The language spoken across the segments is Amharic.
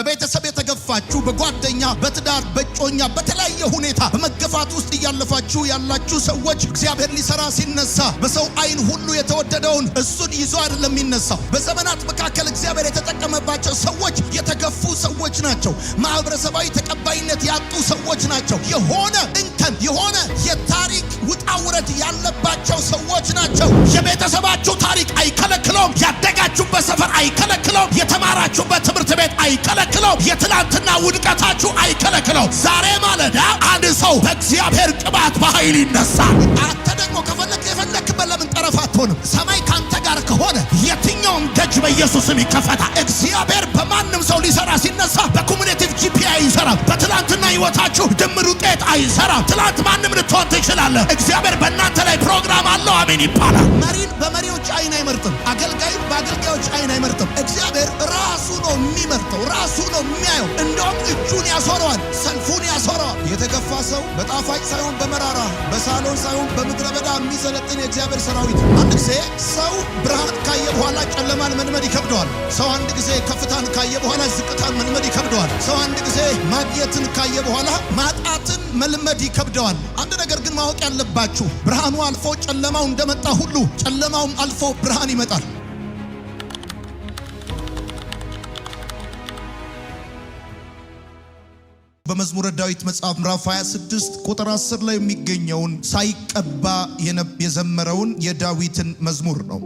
በቤተሰብ የተገፋችሁ፣ በጓደኛ፣ በትዳር፣ በጮኛ በተለያየ ሁኔታ በመገፋት ውስጥ እያለፋችሁ ያላችሁ ሰዎች እግዚአብሔር ሊሰራ ሲነሳ በሰው አይን ሁሉ የተወደደውን እሱን ይዞ አይደለም የሚነሳው። በዘመናት መካከል እግዚአብሔር የተጠቀመባቸው ሰዎች የተገፉ ሰዎች ናቸው። ማህበረሰባዊ ተቀባይነት ያጡ ሰዎች ናቸው። የሆነ እንከን የሆነ የታ መውለድ ያለባቸው ሰዎች ናቸው። የቤተሰባችሁ ታሪክ አይከለክለውም። ያደጋችሁበት ሰፈር አይከለክለውም። የተማራችሁበት ትምህርት ቤት አይከለክለውም። የትናንትና ውድቀታችሁ አይከለክለው። ዛሬ ማለዳ አንድ ሰው በእግዚአብሔር ቅባት በኃይል ይነሳል። አንተ ደግሞ ከፈለክ የፈለክበት ለምን ጠረፍ አትሆንም? ሰማይ ከአንተ ጋር ከሆነ የትኛውም ደጅ በኢየሱስም ይከፈታል። እግዚአብሔር በማንም ሰው ሊሰራ ሲነሳ በኮሚኔ ጂፒኤ አይሰራም። በትላንትና ህይወታችሁ ድምር ውጤት አይሰራም። ትላንት ማንም ልትሆን ትችላለህ። እግዚአብሔር በእናንተ ላይ ፕሮግራም አለው። አሜን ይባላል። መሪን በመሪዎች አይን አይመርጥም። አገልጋይ በአገልጋዮች አይን አይመርጥም። እግዚአብሔር ራሱ ነው የሚመርጠው፣ ራሱ ነው የሚያየው። እንደውም እጁን ያሶረዋል፣ ሰልፉን ያሶረዋል። የተገፋ ሰው በጣፋጭ ሳይሆን በመራራ በሳሎን ሳይሆን በምድረ በዳ የሚሰለጥን የእግዚአብሔር ሰራዊት። አንድ ጊዜ ሰው ብርሃን ካየ በኋላ ጨለማን መልመድ ይከብደዋል። ሰው አንድ ጊዜ ከፍታን ካየ በኋላ ዝቅታን መልመድ ይከብደዋል። ሰው አንድ ጊዜ ማግኘትን ካየ በኋላ ማጣትን መልመድ ይከብደዋል። አንድ ነገር ግን ማወቅ ያለባችሁ ብርሃኑ አልፎ ጨለማው እንደመጣ ሁሉ ጨለማውም አልፎ ብርሃን ይመጣል። በመዝሙረ ዳዊት መጽሐፍ ምዕራፍ 26 ቁጥር 10 ላይ የሚገኘውን ሳይቀባ የዘመረውን የዳዊትን መዝሙር ነው።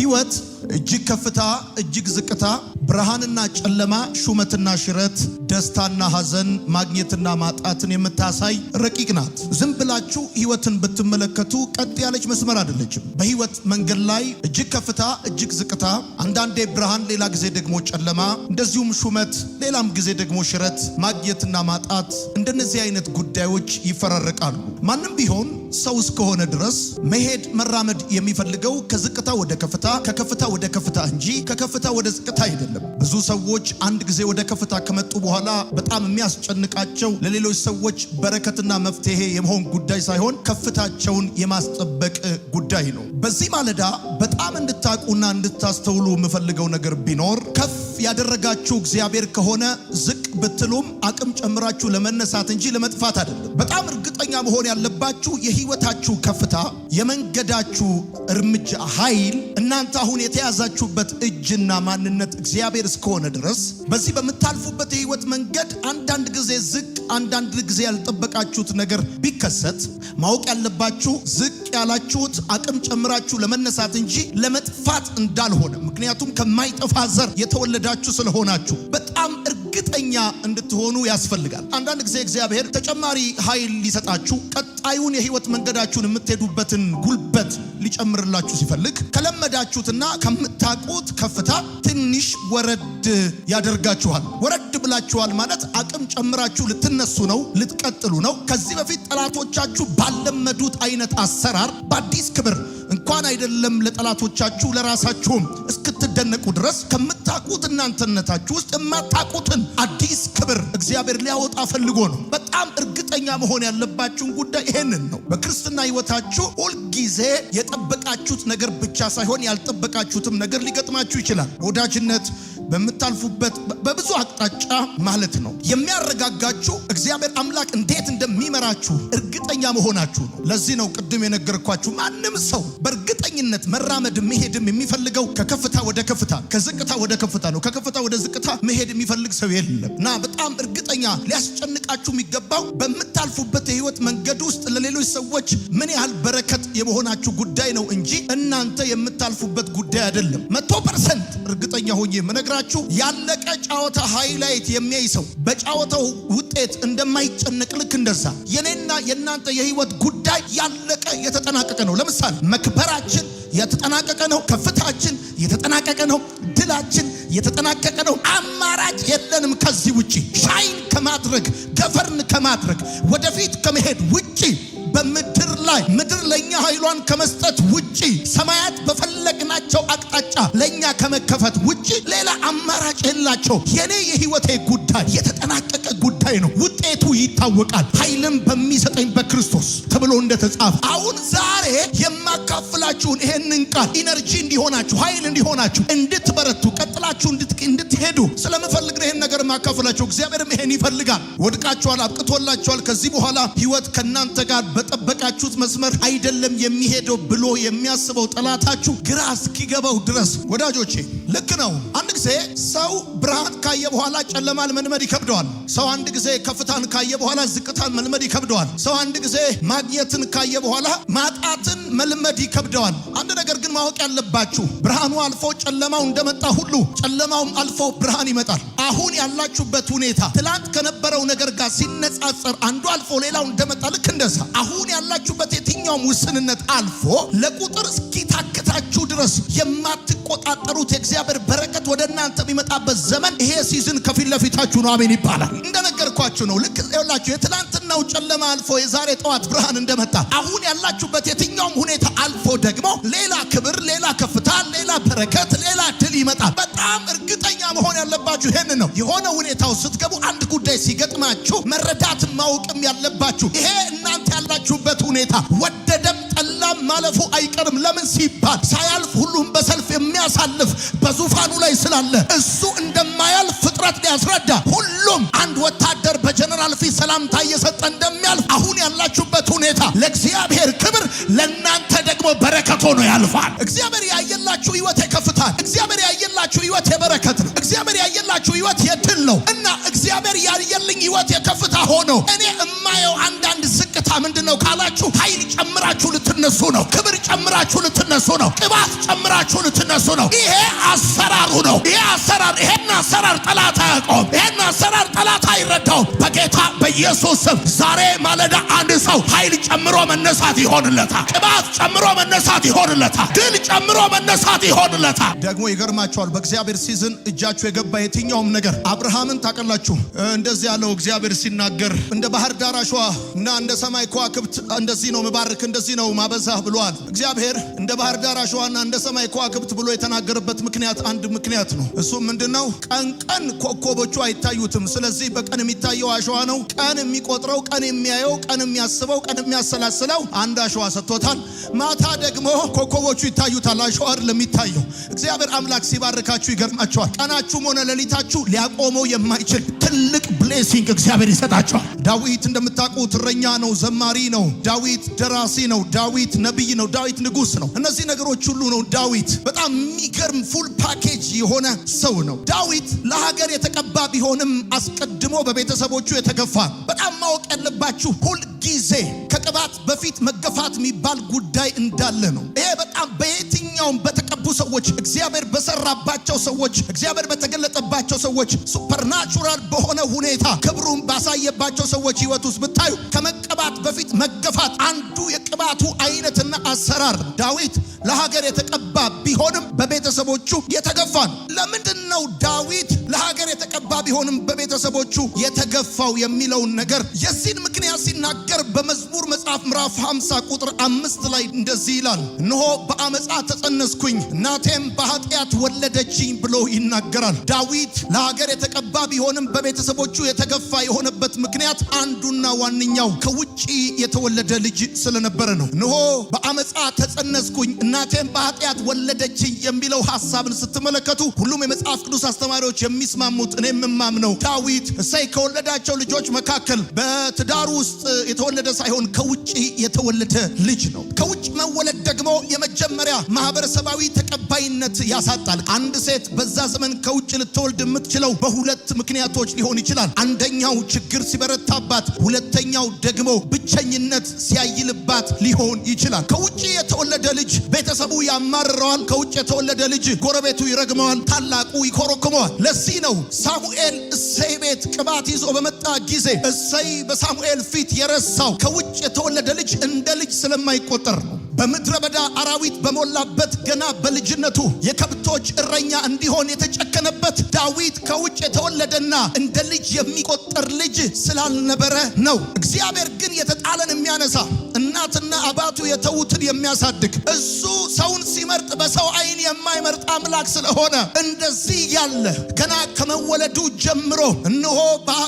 ሕይወት እጅግ ከፍታ፣ እጅግ ዝቅታ፣ ብርሃንና ጨለማ፣ ሹመትና ሽረት ደስታና ሐዘን ማግኘትና ማጣትን የምታሳይ ረቂቅ ናት። ዝም ብላችሁ ህይወትን ብትመለከቱ ቀጥ ያለች መስመር አይደለችም። በህይወት መንገድ ላይ እጅግ ከፍታ፣ እጅግ ዝቅታ፣ አንዳንዴ ብርሃን፣ ሌላ ጊዜ ደግሞ ጨለማ፣ እንደዚሁም ሹመት፣ ሌላም ጊዜ ደግሞ ሽረት፣ ማግኘትና ማጣት፣ እንደነዚህ አይነት ጉዳዮች ይፈራረቃሉ። ማንም ቢሆን ሰው እስከሆነ ድረስ መሄድ መራመድ የሚፈልገው ከዝቅታ ወደ ከፍታ፣ ከከፍታ ወደ ከፍታ እንጂ ከከፍታ ወደ ዝቅታ አይደለም። ብዙ ሰዎች አንድ ጊዜ ወደ ከፍታ ከመጡ በኋላ በኋላ በጣም የሚያስጨንቃቸው ለሌሎች ሰዎች በረከትና መፍትሄ የመሆን ጉዳይ ሳይሆን ከፍታቸውን የማስጠበቅ ጉዳይ ነው። በዚህ ማለዳ በጣም እንድታቁና እንድታስተውሉ የምፈልገው ነገር ቢኖር ከፍ ያደረጋችሁ እግዚአብሔር ከሆነ ዝቅ ብትሉም አቅም ጨምራችሁ ለመነሳት እንጂ ለመጥፋት አይደለም። በጣም እርግጠኛ መሆን ያለባችሁ የህይወታችሁ ከፍታ፣ የመንገዳችሁ እርምጃ ኃይል እናንተ አሁን የተያዛችሁበት እጅና ማንነት እግዚአብሔር እስከሆነ ድረስ በዚህ በምታልፉበት የህይወት መንገድ አንዳንድ ጊዜ ዝቅ፣ አንዳንድ ጊዜ ያልጠበቃችሁት ነገር ቢከሰት ማወቅ ያለባችሁ ዝቅ ያላችሁት አቅም ጨምራችሁ ለመነሳት እንጂ ለመጥፋት እንዳልሆነ ምክንያቱም ከማይጠፋ ዘር የተወለደ የተወደዳችሁ ስለሆናችሁ በጣም እርግጠኛ እንድትሆኑ ያስፈልጋል። አንዳንድ ጊዜ እግዚአብሔር ተጨማሪ ኃይል ሊሰጣችሁ ቀጣዩን የህይወት መንገዳችሁን የምትሄዱበትን ጉልበት ሊጨምርላችሁ ሲፈልግ ከለመዳችሁትና ከምታውቁት ከፍታ ትንሽ ወረድ ያደርጋችኋል። ወረድ ብላችኋል ማለት አቅም ጨምራችሁ ልትነሱ ነው፣ ልትቀጥሉ ነው። ከዚህ በፊት ጠላቶቻችሁ ባለመዱት አይነት አሰራር በአዲስ ክብር እንኳን አይደለም ለጠላቶቻችሁ ለራሳችሁም እስክትደነቁ ድረስ ከምታቁት እናንተነታችሁ ውስጥ የማታቁትን አዲስ ክብር እግዚአብሔር ሊያወጣ ፈልጎ ነው። በጣም እርግጠኛ መሆን ያለባችሁን ጉዳይ ይሄንን ነው። በክርስትና ሕይወታችሁ ሁልጊዜ የጠበቃችሁት ነገር ብቻ ሳይሆን ያልጠበቃችሁትም ነገር ሊገጥማችሁ ይችላል። ወዳጅነት በምታልፉበት በብዙ አቅጣጫ ማለት ነው። የሚያረጋጋችሁ እግዚአብሔር አምላክ እንዴት እንደሚመራችሁ እርግጠኛ መሆናችሁ ነው። ለዚህ ነው ቅድም የነገርኳችሁ ማንም ሰው በእርግጠኝነት መራመድ መሄድም የሚፈልገው ከከፍታ ወደ ከፍታ፣ ከዝቅታ ወደ ከፍታ ነው። ከከፍታ ወደ ዝቅታ መሄድ የሚፈልግ ሰው የለም እና በጣም እርግጠኛ ሊያስጨንቃችሁ የሚገባው በምታልፉበት የህይወት መንገድ ውስጥ ለሌሎች ሰዎች ምን ያህል በረከት የመሆናችሁ ጉዳይ ነው እንጂ እናንተ የምታልፉበት ጉዳይ አይደለም። መቶ ፐርሰንት እርግጠኛ ሆኜ መነግራ ልንገራችሁ፣ ያለቀ ጨዋታ ሃይላይት የሚያይ ሰው በጨዋታው ውጤት እንደማይጨነቅ ልክ እንደዛ የኔና የእናንተ የህይወት ጉዳይ ያለቀ የተጠናቀቀ ነው። ለምሳሌ መክበራችን የተጠናቀቀ ነው። ከፍታችን የተጠናቀቀ ነው። ድላችን የተጠናቀቀ ነው። አማራጭ የለንም ከዚህ ውጪ ሻይን ከማድረግ ገፈርን ከማድረግ ወደፊት ከመሄድ ውጪ በምድር ላይ ለእኛ ኃይሏን ከመስጠት ውጪ ሰማያት በፈለግናቸው አቅጣጫ ለእኛ ከመከፈት ውጪ ሌላ አማራጭ የላቸው። የኔ የህይወቴ ጉዳይ የተጠናቀቀ ጌታዬ ነው። ውጤቱ ይታወቃል ኃይልም በሚሰጠኝ በክርስቶስ ተብሎ እንደተጻፈ አሁን ዛሬ የማካፍላችሁን ይሄንን ቃል ኢነርጂ እንዲሆናችሁ ኃይል እንዲሆናችሁ እንድትበረቱ ቀጥላችሁ እንድትሄዱ ስለምፈልግ ነው ይህን ነገር የማካፍላችሁ። እግዚአብሔርም ይሄን ይፈልጋል። ወድቃችኋል፣ አብቅቶላችኋል። ከዚህ በኋላ ህይወት ከእናንተ ጋር በጠበቃችሁት መስመር አይደለም የሚሄደው ብሎ የሚያስበው ጠላታችሁ ግራ እስኪገባው ድረስ ወዳጆቼ ልክ ነው። አንድ ጊዜ ሰው ብርሃን ካየ በኋላ ጨለማን መልመድ ይከብደዋል። ሰው አንድ ጊዜ ከፍታን ካየ በኋላ ዝቅታን መልመድ ይከብደዋል። ሰው አንድ ጊዜ ማግኘትን ካየ በኋላ ማጣትን መልመድ ይከብደዋል። አንድ ነገር ግን ማወቅ ያለባችሁ ብርሃኑ አልፎ ጨለማው እንደመጣ ሁሉ ጨለማውም አልፎ ብርሃን ይመጣል። አሁን ያላችሁበት ሁኔታ ትላንት ከነበረው ነገር ጋር ሲነጻጸር አንዱ አልፎ ሌላው እንደመጣ ልክ እንደዛ አሁን ያላችሁበት የትኛውም ውስንነት አልፎ ለቁጥር እስኪታክታችሁ ድረስ የማትቆጣጠሩት የእግዚአብሔር በረከት ወደ እናንተ የሚመጣበት ዘመን ይሄ ሲዝን ከፊት ለፊታችሁ ነው። አሜን ይባላል እንደነገር እያልኳችሁ ነው። ልክ ላችሁ የትላንትናው ጨለማ አልፎ የዛሬ ጠዋት ብርሃን እንደመጣ አሁን ያላችሁበት የትኛውም ሁኔታ አልፎ ደግሞ ሌላ ክብር፣ ሌላ ከፍታ፣ ሌላ በረከት፣ ሌላ ድል ይመጣል። በጣም እርግጠኛ መሆን ያለባችሁ ይህን ነው። የሆነ ሁኔታው ስትገቡ አንድ ጉዳይ ሲገጥማችሁ መረዳት ማወቅም ያለባችሁ ይሄ እናንተ ያላችሁበት ሁኔታ ወደደም ጠላም ማለፉ አይቀርም። ለምን ሲባል ሳያልፍ ሁሉም በሰልፍ የሚያሳልፍ በዙፋኑ ላይ ስላለ እሱ እንደማያልፍ ፍጥረት ሊያስረዳ ሁሉም አንድ ወታደር በጀነራል ፊት ሰላምታ እየሰጠ እንደሚያልፍ አሁን ያላችሁበት ሁኔታ ለእግዚአብሔር ክብር፣ ለእናንተ ደግሞ በረከት ሆኖ ያልፋል። እግዚአብሔር ያየላችሁ ህይወት የከፍታል። እግዚአብሔር ያየላችሁ ህይወት የበረከት ነው። እግዚአብሔር ያየላችሁ ህይወት የድል ነው እና እግዚአብሔር ያየልኝ ህይወት የከፍታ ሆኖ እኔ እማየው አንዳንድ ዝቅታ ምንድን ነው ካላችሁ፣ ኃይል ጨምራችሁ ልትነሱ ነው። ክብር ጨምራችሁ ልትነሱ ነው። ቅባት ጨምራችሁ ልትነሱ ነው። ይሄ አሰራሩ ነው። ይሄ አሰራር ይሄን አሰራር ጠላት አያውቀውም። ይሄን አሰራር ጠላት አይረዳውም። በጌታ በኢየሱስ ስም ዛሬ ማለዳ አንድ ሰው ኃይል ጨምሮ መነሳት ይሆንለታል። ቅባት ጨምሮ መነሳት ይሆንለታል። ድል ጨምሮ መነሳት ይሆንለታል። ደግሞ ይገርማቸዋል። በእግዚአብሔር ሲዝን እጃችሁ የገባ የትኛውም ነገር አብርሃምን ታቀላችሁ እንደዚህ ያለው እግዚአብሔር ሲናገር እንደ ባህር ዳር አሸዋ እና እንደ የሰማይ ከዋክብት እንደዚህ ነው ምባርክ እንደዚህ ነው ማበዛህ ብሏል። እግዚአብሔር እንደ ባህር ዳር አሸዋና እንደ ሰማይ ከዋክብት ብሎ የተናገረበት ምክንያት አንድ ምክንያት ነው። እሱም ምንድን ነው? ቀን ቀን ኮከቦቹ አይታዩትም። ስለዚህ በቀን የሚታየው አሸዋ ነው። ቀን የሚቆጥረው፣ ቀን የሚያየው፣ ቀን የሚያስበው፣ ቀን የሚያሰላስለው አንድ አሸዋ ሰጥቶታል። ማታ ደግሞ ኮከቦቹ ይታዩታል። አሸዋ አይደለም የሚታየው። እግዚአብሔር አምላክ ሲባርካችሁ ይገርማቸዋል። ቀናችሁም ሆነ ሌሊታችሁ ሊያቆመው የማይችል ትልቅ ብሌሲንግ እግዚአብሔር ይሰጣቸዋል። ዳዊት እንደምታውቁ እረኛ ነው። ዘማሪ ነው። ዳዊት ደራሲ ነው። ዳዊት ነቢይ ነው። ዳዊት ንጉስ ነው። እነዚህ ነገሮች ሁሉ ነው። ዳዊት በጣም የሚገርም ፉል ፓኬጅ የሆነ ሰው ነው። ዳዊት ለሀገር የተቀባ ቢሆንም አስቀድሞ በቤተሰቦቹ የተገፋ በጣም ማወቅ ያለባችሁ ሁል ጊዜ ከቅባት በፊት መገፋት የሚባል ጉዳይ እንዳለ ነው። ይሄ በጣም በየትኛውም በተ ሰዎች፣ እግዚአብሔር በሰራባቸው ሰዎች፣ እግዚአብሔር በተገለጠባቸው ሰዎች፣ ሱፐርናቹራል በሆነ ሁኔታ ክብሩን ባሳየባቸው ሰዎች ህይወት ውስጥ ብታዩ ከመቀባት በፊት መገፋት አንዱ የቅባቱ አይነትና አሰራር። ዳዊት ለሀገር የተቀባ ቢሆንም በቤተሰቦቹ የተገፋ ለምንድን ነው ዳዊት ለሀገር የተቀባ ቢሆንም በቤተሰቦቹ የተገፋው የሚለውን ነገር የዚህን ምክንያት ሲናገር በመዝሙር መጽሐፍ ምዕራፍ 50 ቁጥር አምስት ላይ እንደዚህ ይላል፣ እነሆ በአመፃ ተጸነስኩኝ እናቴም በኃጢአት ወለደችኝ ብሎ ይናገራል። ዳዊት ለሀገር የተቀባ ቢሆንም በቤተሰቦቹ የተገፋ የሆነበት ምክንያት አንዱና ዋነኛው ከውጭ የተወለደ ልጅ ስለነበረ ነው። እንሆ በአመፃ ተጸነስኩኝ፣ እናቴም በኃጢአት ወለደችኝ የሚለው ሐሳብን ስትመለከቱ ሁሉም የመጽሐፍ ቅዱስ አስተማሪዎች የሚስማሙት እኔም የማምነው ዳዊት እሰይ ከወለዳቸው ልጆች መካከል በትዳሩ ውስጥ የተወለደ ሳይሆን ከውጭ የተወለደ ልጅ ነው። ከውጭ መወለድ ደግሞ የመጀመሪያ ማህበረሰባዊ ተቀባይነት ያሳጣል። አንድ ሴት በዛ ዘመን ከውጭ ልትወልድ የምትችለው በሁለት ምክንያቶች ሊሆን ይችላል። አንደኛው ችግር ሲበረታባት፣ ሁለተኛው ደግሞ ብቸኝነት ሲያይልባት ሊሆን ይችላል። ከውጭ የተወለደ ልጅ ቤተሰቡ ያማርረዋል። ከውጭ የተወለደ ልጅ ጎረቤቱ ይረግመዋል፣ ታላቁ ይኮረኩመዋል። ለዚህ ነው ሳሙኤል እሰይ ቤት ቅባት ይዞ በመጣ ጊዜ እሰይ በሳሙኤል ፊት የረሳው ከውጭ የተወለደ ልጅ እንደ ልጅ ስለማይቆጠር ነው። በምድረ በዳ አራዊት በሞላበት ገና በል በልጅነቱ የከብቶች እረኛ እንዲሆን የተጨከነበት ዳዊት ከውጭ የተወለደና እንደ ልጅ የሚቆጠር ልጅ ስላልነበረ ነው። እግዚአብሔር ግን የተጣለን የሚያነሳ እናትና አባቱ የተዉትን የሚያሳድግ እሱ ሰውን ሲመርጥ በሰው አይን የማይመርጥ አምላክ ስለሆነ እንደዚህ ያለ ገና ከመወለዱ ጀምሮ እንሆ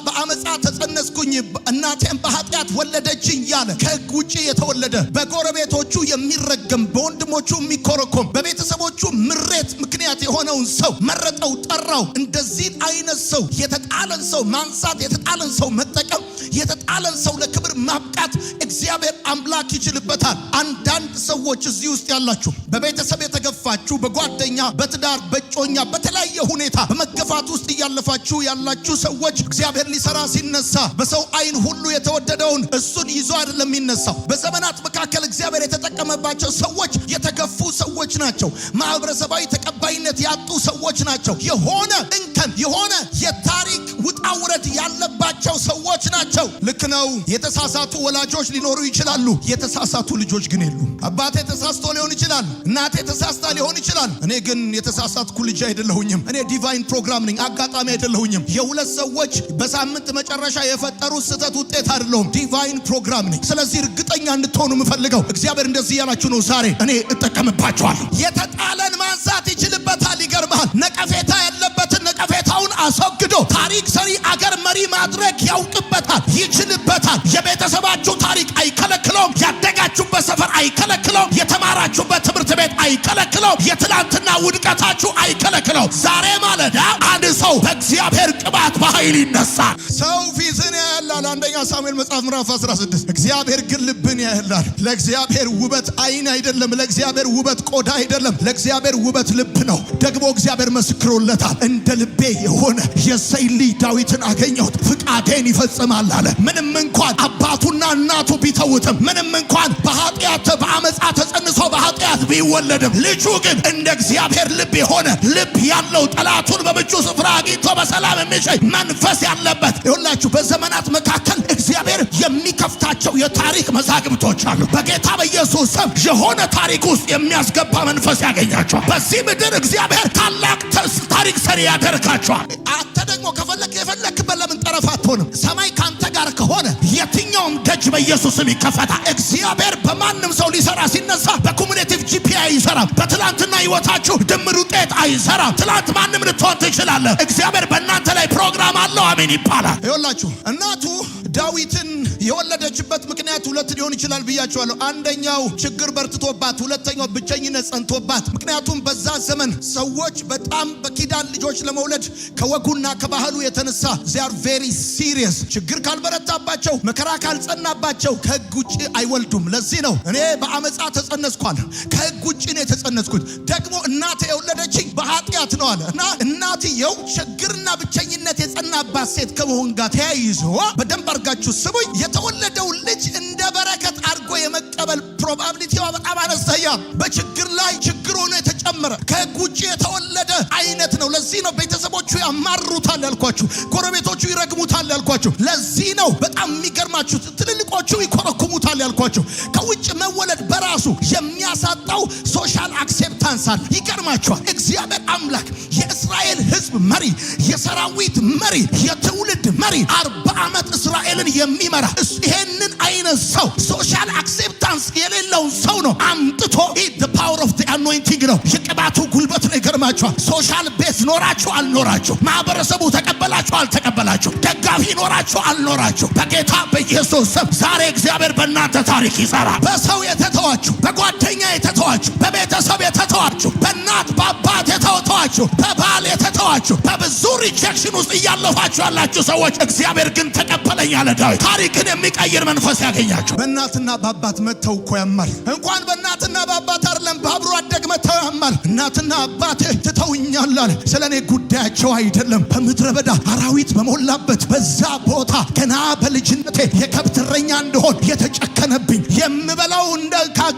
በአመፃ ተጸነስኩኝ እናቴም በኃጢአት ወለደችኝ ያለ ከህግ ውጭ የተወለደ በጎረቤቶቹ የሚረገም በወንድሞቹ የሚኮረኮም በቤተሰቦቹ ምሬት ምክንያት የሆነውን ሰው መረጠው፣ ጠራው። እንደዚህ አይነት ሰው የተጣለን ሰው ማንሳት፣ የተጣለን ሰው መጠቀም፣ የተጣለን ሰው ለክብር ማብቃት እግዚአብሔር አምላክ አምላክ ይችልበታል። አንዳንድ ሰዎች እዚህ ውስጥ ያላችሁ በቤተሰብ የተገፋችሁ፣ በጓደኛ፣ በትዳር፣ በጮኛ፣ በተለያየ ሁኔታ በመገፋት ውስጥ እያለፋችሁ ያላችሁ ሰዎች እግዚአብሔር ሊሰራ ሲነሳ በሰው አይን ሁሉ የተወደደውን እሱን ይዞ አይደለም የሚነሳው። በዘመናት መካከል እግዚአብሔር የተጠቀመባቸው ሰዎች የተገፉ ሰዎች ናቸው። ማህበረሰባዊ ተቀባይነት ያጡ ሰዎች ናቸው። የሆነ እንከን የሆነ የታሪክ ውጣ ውረድ ያለባቸው ሰዎች ናቸው። ልክ ነው። የተሳሳቱ ወላጆች ሊኖሩ ይችላሉ። የተሳሳቱ ልጆች ግን የሉም። አባቴ ተሳስቶ ሊሆን ይችላል፣ እናቴ ተሳስታ ሊሆን ይችላል። እኔ ግን የተሳሳትኩ ልጅ አይደለሁኝም። እኔ ዲቫይን ፕሮግራም ነኝ፣ አጋጣሚ አይደለሁኝም። የሁለት ሰዎች በሳምንት መጨረሻ የፈጠሩት ስህተት ውጤት አይደለሁም፣ ዲቫይን ፕሮግራም ነኝ። ስለዚህ እርግጠኛ እንድትሆኑ የምፈልገው እግዚአብሔር እንደዚህ እያላችሁ ነው። ዛሬ እኔ እጠቀምባችኋል። የተጣለን ማንሳት ይችልበታል። ይገርመሃል ነቀፌ አስወግዶ ታሪክ ሰሪ አገር መሪ ማድረግ ያውቅበታል፣ ይችልበታል። የቤተሰባችሁ ታሪክ አይከለክለውም። ያደጋችሁበት ሰፈር አይከለክለውም። የተማራችሁበት ትምህርት ቤት አይከለክለውም። የትናንትና ውድቀታችሁ አይከለክለውም። ዛሬ ማለዳ አንድ ሰው በእግዚአብሔር ቅባት በኃይል ይነሳል። ሰው ፊትን ያህላል። አንደኛ ሳሙኤል መጽሐፍ ምዕራፍ 16 እግዚአብሔር ግን ልብን ያህላል። ለእግዚአብሔር ውበት አይን አይደለም። ለእግዚአብሔር ውበት ቆዳ አይደለም። ለእግዚአብሔር ውበት ልብ ነው። ደግሞ እግዚአብሔር መስክሮለታል። እንደ ልቤ የሆነ የእሴይ ልጅ ዳዊትን አገኘሁት፣ ፍቃዴን ይፈጽማል አለ። ምንም እንኳን አባቱና እናቱ ቢተውትም፣ ምንም እንኳን በኃጢአት በአመፃ ተጸንሶ በኃጢአት ቢወለድም፣ ልጁ ግን እንደ እግዚአብሔር ልብ የሆነ ልብ ያለው ጠላቱን በምቹ ስፍራ አግኝቶ በሰላም የሚሸኝ መንፈስ ያለበት ይሁላችሁ በዘመናት መካከል እግዚአብሔር የሚከፍታቸው የታሪክ መዛግብቶች አሉ። በጌታ በኢየሱስ ስም የሆነ ታሪክ ውስጥ የሚያስገባ መንፈስ ያገኛቸዋል። በዚህ ምድር እግዚአብሔር ታላቅ ታሪክ ሰሪ ያደርጋቸዋል። አንተ ደግሞ ከፈለክ የፈለክበት ለምን ጠረፍ አትሆንም? ሰማይ ከአንተ ጋር ከሆነ የትኛውም ደጅ በኢየሱስ ስም ይከፈታል። እግዚአብሔር በማንም ሰው ሊሰራ ሲነሳ በኮሙኔቲቭ ጂፒ አይሰራም። በትላንትና ህይወታችሁ ድምር ውጤት አይሰራም። ትላንት ማንም ልትሆን ትችላለህ። እግዚአብሔር በእናንተ ላይ ፕሮግራም አለው። አሜን ይባላል። ይወላችሁ እናቱ ዳዊትን የወለደችበት ምክንያት ሁለት ሊሆን ይችላል ብያቸዋለሁ። አንደኛው ችግር በርትቶባት፣ ሁለተኛው ብቸኝነት ጸንቶባት። ምክንያቱም በዛ ዘመን ሰዎች በጣም በኪዳን ልጆች ለመውለድ ከወጉና ከባህሉ የተነሳ ዚያር ቬሪ ሲሪየስ። ችግር ካልበረታባቸው፣ መከራ ካልጸናባቸው ከህግ ውጭ አይወልዱም። ለዚህ ነው እኔ በአመፃ ተጸነስኳል፣ ከህግ ውጭ ነው የተጸነስኩት፣ ደግሞ እናቴ የወለደችኝ በኃጢአት ነው አለ እና እናትየው ችግርና ብቸኝነት የጸናባት ሴት ከመሆን ጋር ተያይዞ በደንብ አድርጋችሁ ስሙኝ የተወለደው ልጅ እንደ በረከት አድርጎ የመቀበል ፕሮባብሊቲዋ በጣም አነስተኛ፣ በችግር ላይ ችግር ሆኖ የተጨመረ ከህግ ውጭ የተወ አይነት ነው። ለዚህ ነው ቤተሰቦቹ ያማሩታል ያልኳችሁ፣ ጎረቤቶቹ ይረግሙታል ያልኳችሁ። ለዚህ ነው በጣም የሚገርማችሁ ትልልቆቹ ይኮረኩሙታል ያልኳችሁ። ከውጭ መወለድ በራሱ የሚያሳጣው ሶሻል አክሴፕታንስ አለ። ይገርማችኋል። እግዚአብሔር አምላክ የእስራኤል ሕዝብ መሪ፣ የሰራዊት መሪ፣ የትውልድ መሪ አርባ ዓመት እስራኤልን የሚመራ ይሄንን አይነት ሰው ሶሻል አክሴፕታንስ የሌለውን ሰው ነው አምጥቶ ፓወር ኦፍ አኖይንቲንግ ነው የቅባቱ ጉልበት ይገርማችኋል። ሶሻል ቤት ኖራችሁ አልኖራችሁ፣ ማህበረሰቡ ተቀበላችሁ አልተቀበላችሁ፣ ደጋፊ ኖራችሁ አልኖራችሁ፣ በጌታ በኢየሱስ ስም ዛሬ እግዚአብሔር በእናንተ ታሪክ ይሰራል። በሰው የተተዋችሁ፣ በጓደኛ የተተዋችሁ፣ በቤተሰብ የተተዋችሁ፣ በእናት በአባት የተተዋችሁ፣ በባል የተተዋችሁ፣ በብዙ ሪጀክሽን ውስጥ እያለፋችሁ ያላችሁ ሰዎች እግዚአብሔር ግን ተቀበለኝ አለ ዳዊት። ታሪክን የሚቀይር መንፈስ ያገኛችሁ። በእናትና በአባት መተው እኮ ያማል። እንኳን በእናትና በአባት አይደለም በአብሮ አደግ መተው ያማል። እናትና አባት ትተውኛል አለ። ስለ እኔ ጉዳያቸው አይደለም። በምድረ በዳ አራዊት በሞላበት በዛ ቦታ ገና በልጅነቴ የከብት እረኛ እንደሆን የተጨከነብኝ የምበላው እንደ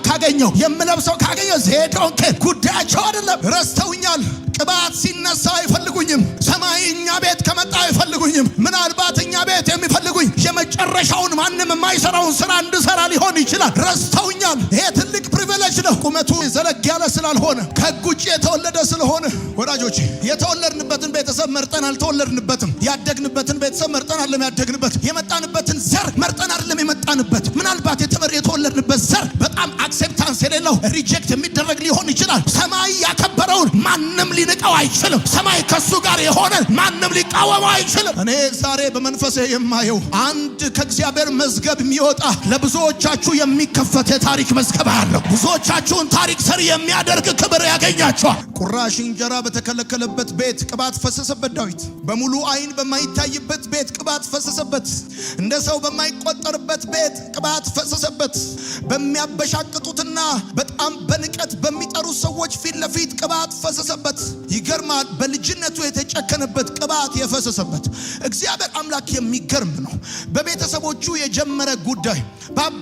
ካገኘው የምለብሰው ካገኘው ዜዶንኬ ጉዳያቸው አይደለም። ረስተውኛል። ቅባት ሲነሳ አይፈልጉኝም። ሰማይ እኛ ቤት ከመጣ አይፈልጉኝም። ምናልባት እኛ ቤት የሚፈልጉኝ የመጨረሻውን ማንም የማይሰራውን ስራ እንድሰራ ሊሆን ይችላል። ረስተውኛል። ይሄ ትልቅ ሊበለጭ ነው። ቁመቱ ዘለግ ያለ ስላልሆነ ከሕግ ውጭ የተወለደ ስለሆነ ወዳጆች፣ የተወለድንበትን ቤተሰብ መርጠን አልተወለድንበትም። ያደግንበትን ቤተሰብ መርጠን አለም ያደግንበት። የመጣንበትን ዘር መርጠን አይደለም የመጣንበት። ምናልባት የተወለድንበት ዘር በጣም አክሴፕታንስ የሌለው ሪጀክት የሚደረግ ሊሆን ይችላል። ሰማይ ያከበረውን ማንም ሊንቀው አይችልም። ሰማይ ከሱ ጋር የሆነ ማንም ሊቃወመው አይችልም። እኔ ዛሬ በመንፈሴ የማየው አንድ ከእግዚአብሔር መዝገብ የሚወጣ ለብዙዎቻችሁ የሚከፈት የታሪክ መዝገብ አለው። የብዙዎቻችሁን ታሪክ ስር የሚያደርግ ክብር ያገኛቸዋል። ቁራሽ እንጀራ በተከለከለበት ቤት ቅባት ፈሰሰበት። ዳዊት በሙሉ አይን በማይታይበት ቤት ቅባት ፈሰሰበት። እንደ ሰው በማይቆጠርበት ቤት ቅባት ፈሰሰበት። በሚያበሻቅጡትና በጣም በንቀት በሚጠሩ ሰዎች ፊት ለፊት ቅባት ፈሰሰበት። ይገርማል። በልጅነቱ የተጨከነበት ቅባት የፈሰሰበት እግዚአብሔር አምላክ የሚገርም ነው። በቤተሰቦቹ የጀመረ ጉዳይ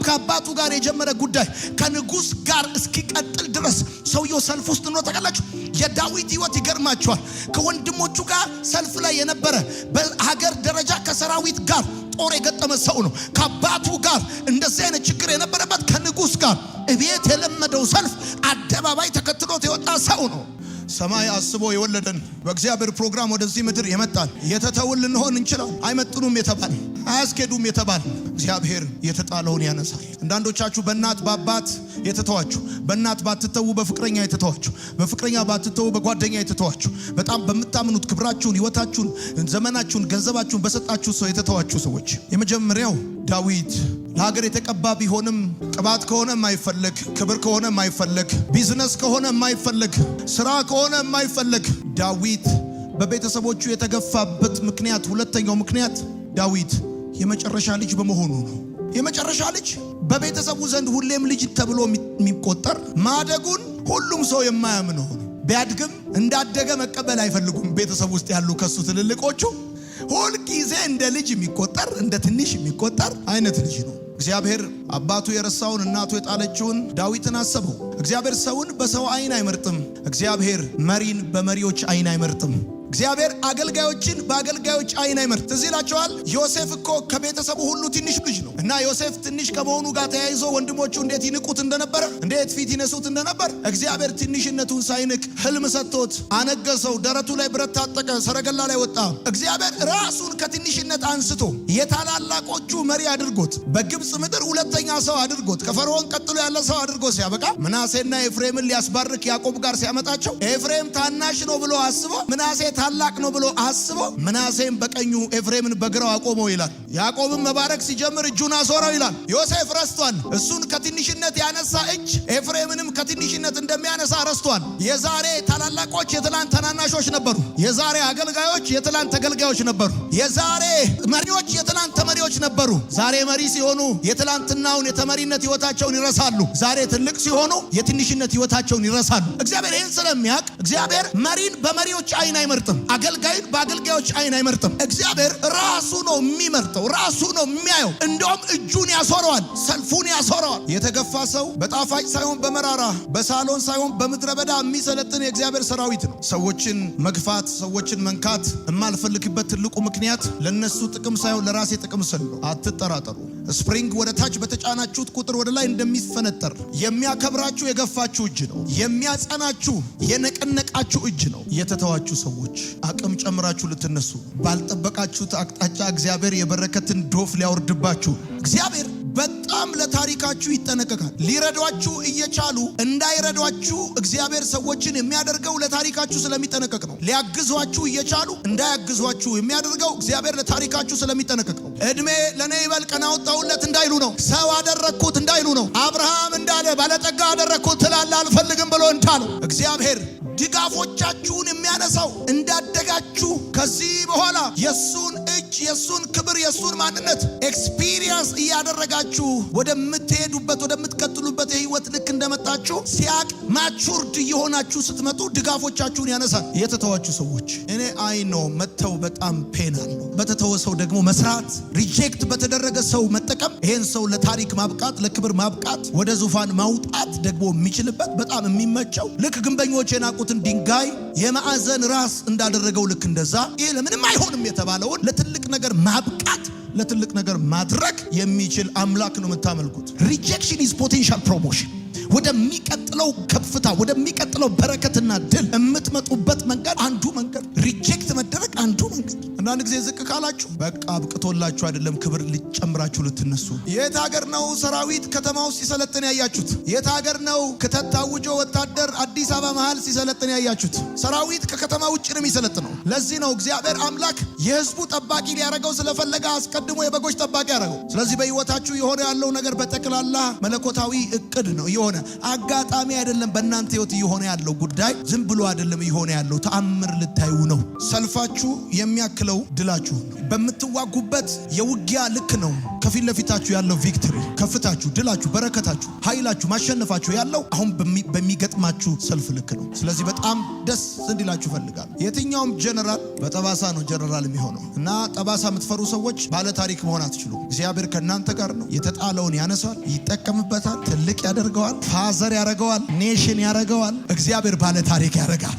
ከአባቱ ጋር የጀመረ ጉዳይ ከንጉሥ ጋር እስኪቀጥል ድረስ ሰውየው ሰልፍ ውስጥ ነው። ታውቃላችሁ የዳዊት ህይወት ይገርማችኋል። ከወንድሞቹ ጋር ሰልፍ ላይ የነበረ በሀገር ደረጃ ከሰራዊት ጋር ጦር የገጠመ ሰው ነው። ከአባቱ ጋር እንደዚህ አይነት ችግር የነበረበት ከንጉሥ ጋር እቤት የለመደው ሰልፍ አደባባይ ተከትሎት የወጣ ሰው ነው። ሰማይ አስቦ የወለደን በእግዚአብሔር ፕሮግራም ወደዚህ ምድር የመጣን የተተውን ልንሆን እንችላል። አይመጥኑም የተባል አያስኬዱም የተባል እግዚአብሔር የተጣለውን ያነሳል። አንዳንዶቻችሁ በእናት በአባት የተተዋችሁ፣ በእናት ባትተዉ በፍቅረኛ የተተዋችሁ፣ በፍቅረኛ ባትተዉ በጓደኛ የተተዋችሁ፣ በጣም በምታምኑት ክብራችሁን፣ ህይወታችሁን ዘመናችሁን፣ ገንዘባችሁን በሰጣችሁ ሰው የተተዋችሁ ሰዎች የመጀመሪያው ዳዊት ለሀገር የተቀባ ቢሆንም ቅባት ከሆነ የማይፈለግ ክብር ከሆነ የማይፈልግ ቢዝነስ ከሆነ የማይፈልግ ስራ ከሆነ የማይፈልግ ዳዊት በቤተሰቦቹ የተገፋበት ምክንያት ሁለተኛው ምክንያት ዳዊት የመጨረሻ ልጅ በመሆኑ ነው። የመጨረሻ ልጅ በቤተሰቡ ዘንድ ሁሌም ልጅ ተብሎ የሚቆጠር ማደጉን ሁሉም ሰው የማያምን ቢያድግም እንዳደገ መቀበል አይፈልጉም ቤተሰብ ውስጥ ያሉ ከሱ ትልልቆቹ ሁልጊዜ እንደ ልጅ የሚቆጠር እንደ ትንሽ የሚቆጠር አይነት ልጅ ነው። እግዚአብሔር አባቱ የረሳውን እናቱ የጣለችውን ዳዊትን አሰበው። እግዚአብሔር ሰውን በሰው አይን አይመርጥም። እግዚአብሔር መሪን በመሪዎች አይን አይመርጥም። እግዚአብሔር አገልጋዮችን በአገልጋዮች አይን አይመርት። ትዝ ይላቸዋል። ዮሴፍ እኮ ከቤተሰቡ ሁሉ ትንሽ ልጅ ነው እና ዮሴፍ ትንሽ ከመሆኑ ጋር ተያይዞ ወንድሞቹ እንዴት ይንቁት እንደነበረ፣ እንዴት ፊት ይነሱት እንደነበር እግዚአብሔር ትንሽነቱን ሳይንቅ ህልም ሰጥቶት አነገሰው። ደረቱ ላይ ብረት ታጠቀ፣ ሰረገላ ላይ ወጣ። እግዚአብሔር ራሱን ከትንሽነት አንስቶ የታላላቆቹ መሪ አድርጎት በግብፅ ምድር ሁለተኛ ሰው አድርጎት ከፈርዖን ቀጥሎ ያለ ሰው አድርጎ ሲያበቃ ምናሴና ኤፍሬምን ሊያስባርክ ያዕቆብ ጋር ሲያመጣቸው ኤፍሬም ታናሽ ነው ብሎ አስቦ ምናሴ ታላቅ ነው ብሎ አስቦ ምናሴም በቀኙ ኤፍሬምን በግራው አቆመው ይላል። ያዕቆብን መባረክ ሲጀምር እጁን አሶረው ይላል። ዮሴፍ ረስቷል። እሱን ከትንሽነት ያነሳ እጅ ኤፍሬምንም ከትንሽነት እንደሚያነሳ ረስቷል። የዛሬ ታላላቆች የትላንት ታናናሾች ነበሩ። የዛሬ አገልጋዮች የትላንት ተገልጋዮች ነበሩ። የዛሬ መሪዎች የትላንት ተመሪዎች ነበሩ። ዛሬ መሪ ሲሆኑ የትላንትናውን የተመሪነት ህይወታቸውን ይረሳሉ። ዛሬ ትልቅ ሲሆኑ የትንሽነት ህይወታቸውን ይረሳሉ። እግዚአብሔር ይህን ስለሚያውቅ እግዚአብሔር መሪን በመሪዎች አይን አይመርጥም። አይመርጥም። አገልጋይን በአገልጋዮች አይን አይመርጥም። እግዚአብሔር ራሱ ነው የሚመርጠው፣ ራሱ ነው የሚያየው። እንደውም እጁን ያሶረዋል፣ ሰልፉን ያሶረዋል። የተገፋ ሰው በጣፋጭ ሳይሆን በመራራ በሳሎን ሳይሆን በምድረ በዳ የሚሰለጥን የእግዚአብሔር ሰራዊት ነው። ሰዎችን መግፋት፣ ሰዎችን መንካት የማልፈልግበት ትልቁ ምክንያት ለነሱ ጥቅም ሳይሆን ለራሴ ጥቅም ስል ነው። አትጠራጠሩ። ስፕሪንግ ወደ ታች በተጫናችሁት ቁጥር ወደ ላይ እንደሚፈነጠር የሚያከብራችሁ የገፋችሁ እጅ ነው። የሚያጸናችሁ የነቀነቃችሁ እጅ ነው። የተተዋችሁ ሰዎች አቅም ጨምራችሁ ልትነሱ ባልጠበቃችሁት አቅጣጫ እግዚአብሔር የበረከትን ዶፍ ሊያወርድባችሁ እግዚአብሔር በጣም ለታሪካችሁ ይጠነቀቃል። ሊረዷችሁ እየቻሉ እንዳይረዷችሁ እግዚአብሔር ሰዎችን የሚያደርገው ለታሪካችሁ ስለሚጠነቀቅ ነው። ሊያግዟችሁ እየቻሉ እንዳያግዟችሁ የሚያደርገው እግዚአብሔር ለታሪካችሁ ስለሚጠነቀቅ ነው። እድሜ ለእኔ ይበልቀን አወጣሁለት እንዳይሉ ነው። ሰው አደረግኩት እንዳይሉ ነው። አብርሃም እንዳለ ባለጠጋ አደረግኩት ትላለ አልፈልግም ብሎ እንዳለው እግዚአብሔር ድጋፎቻችሁን የሚያነሳው እንዳደጋችሁ ከዚህ በኋላ የእሱን እጅ የእሱን ክብር የእሱን ማንነት ኤክስፒሪየንስ እያደረጋችሁ ወደምትሄዱበት ወደምትቀጥሉበት የህይወት ልክ እንደመጣችሁ ሲያቅ ማቹርድ እየሆናችሁ ስትመጡ ድጋፎቻችሁን ያነሳል። የተተዋችሁ ሰዎች እኔ አይ ነው መጥተው በጣም ፔን አለው። በተተወ ሰው ደግሞ መስራት፣ ሪጀክት በተደረገ ሰው መጠቀም፣ ይሄን ሰው ለታሪክ ማብቃት፣ ለክብር ማብቃት፣ ወደ ዙፋን ማውጣት ደግሞ የሚችልበት በጣም የሚመቸው ልክ ግንበኞች የናቁት ያደረጉትን ድንጋይ የማዕዘን ራስ እንዳደረገው ልክ እንደዛ ይሄ ለምንም አይሆንም የተባለውን ለትልቅ ነገር ማብቃት ለትልቅ ነገር ማድረግ የሚችል አምላክ ነው የምታመልኩት። ሪጀክሽን ኢዝ ፖቴንሻል ፕሮሞሽን ወደሚቀጥለው ከፍታ ወደሚቀጥለው በረከትና ድል የምትመጡበት መንገድ አንዱ መንገድ ሪጀክት መደረግ አንዱ መንገድ። አንዳንድ ጊዜ ዝቅ ካላችሁ በቃ አብቅቶላችሁ አይደለም ክብር ሊጨምራችሁ ልትነሱ። የት ሀገር ነው ሰራዊት ከተማ ውስጥ ሲሰለጥን ያያችሁት? የት ሀገር ነው ክተት ታውጆ ወታደር አዲስ አበባ መሀል ሲሰለጥን ያያችሁት? ሰራዊት ከከተማ ውጭ ነው የሚሰለጥነው። ለዚህ ነው እግዚአብሔር አምላክ የህዝቡ ጠባቂ ሊያደረገው ስለፈለገ አስቀድሞ የበጎች ጠባቂ ያደረገው። ስለዚህ በህይወታችሁ የሆነ ያለው ነገር በጠቅላላ መለኮታዊ እቅድ ነው የሆነ አጋጣሚ አይደለም። በእናንተ ህይወት እየሆነ ያለው ጉዳይ ዝም ብሎ አይደለም እየሆነ ያለው ተአምር ልታዩ ነው። ሰልፋችሁ የሚያክለው ድላችሁ በምትዋጉበት የውጊያ ልክ ነው። ከፊት ለፊታችሁ ያለው ቪክትሪ፣ ከፍታችሁ፣ ድላችሁ፣ በረከታችሁ፣ ኃይላችሁ፣ ማሸነፋችሁ ያለው አሁን በሚገጥማችሁ ሰልፍ ልክ ነው። ስለዚህ በጣም ደስ እንዲላችሁ ይፈልጋል። የትኛውም ጀነራል በጠባሳ ነው ጀነራል የሚሆነው እና ጠባሳ የምትፈሩ ሰዎች ባለታሪክ መሆን አትችሉም። እግዚአብሔር ከእናንተ ጋር ነው። የተጣለውን ያነሳል፣ ይጠቀምበታል፣ ትልቅ ያደርገዋል። ፋዘር ያደርገዋል፣ ኔሽን ያደርገዋል፣ እግዚአብሔር ባለ ታሪክ ያደርጋል።